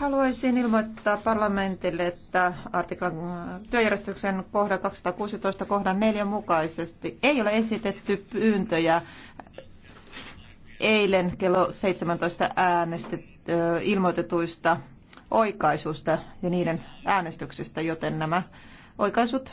Haluaisin ilmoittaa parlamentille, että artiklan äh, työjärjestyksen kohda 216 kohdan 4 mukaisesti ei ole esitetty pyyntöjä eilen kello 17 äänestet, ilmoitetuista oikaisuista ja niiden äänestyksistä, joten nämä oikaisut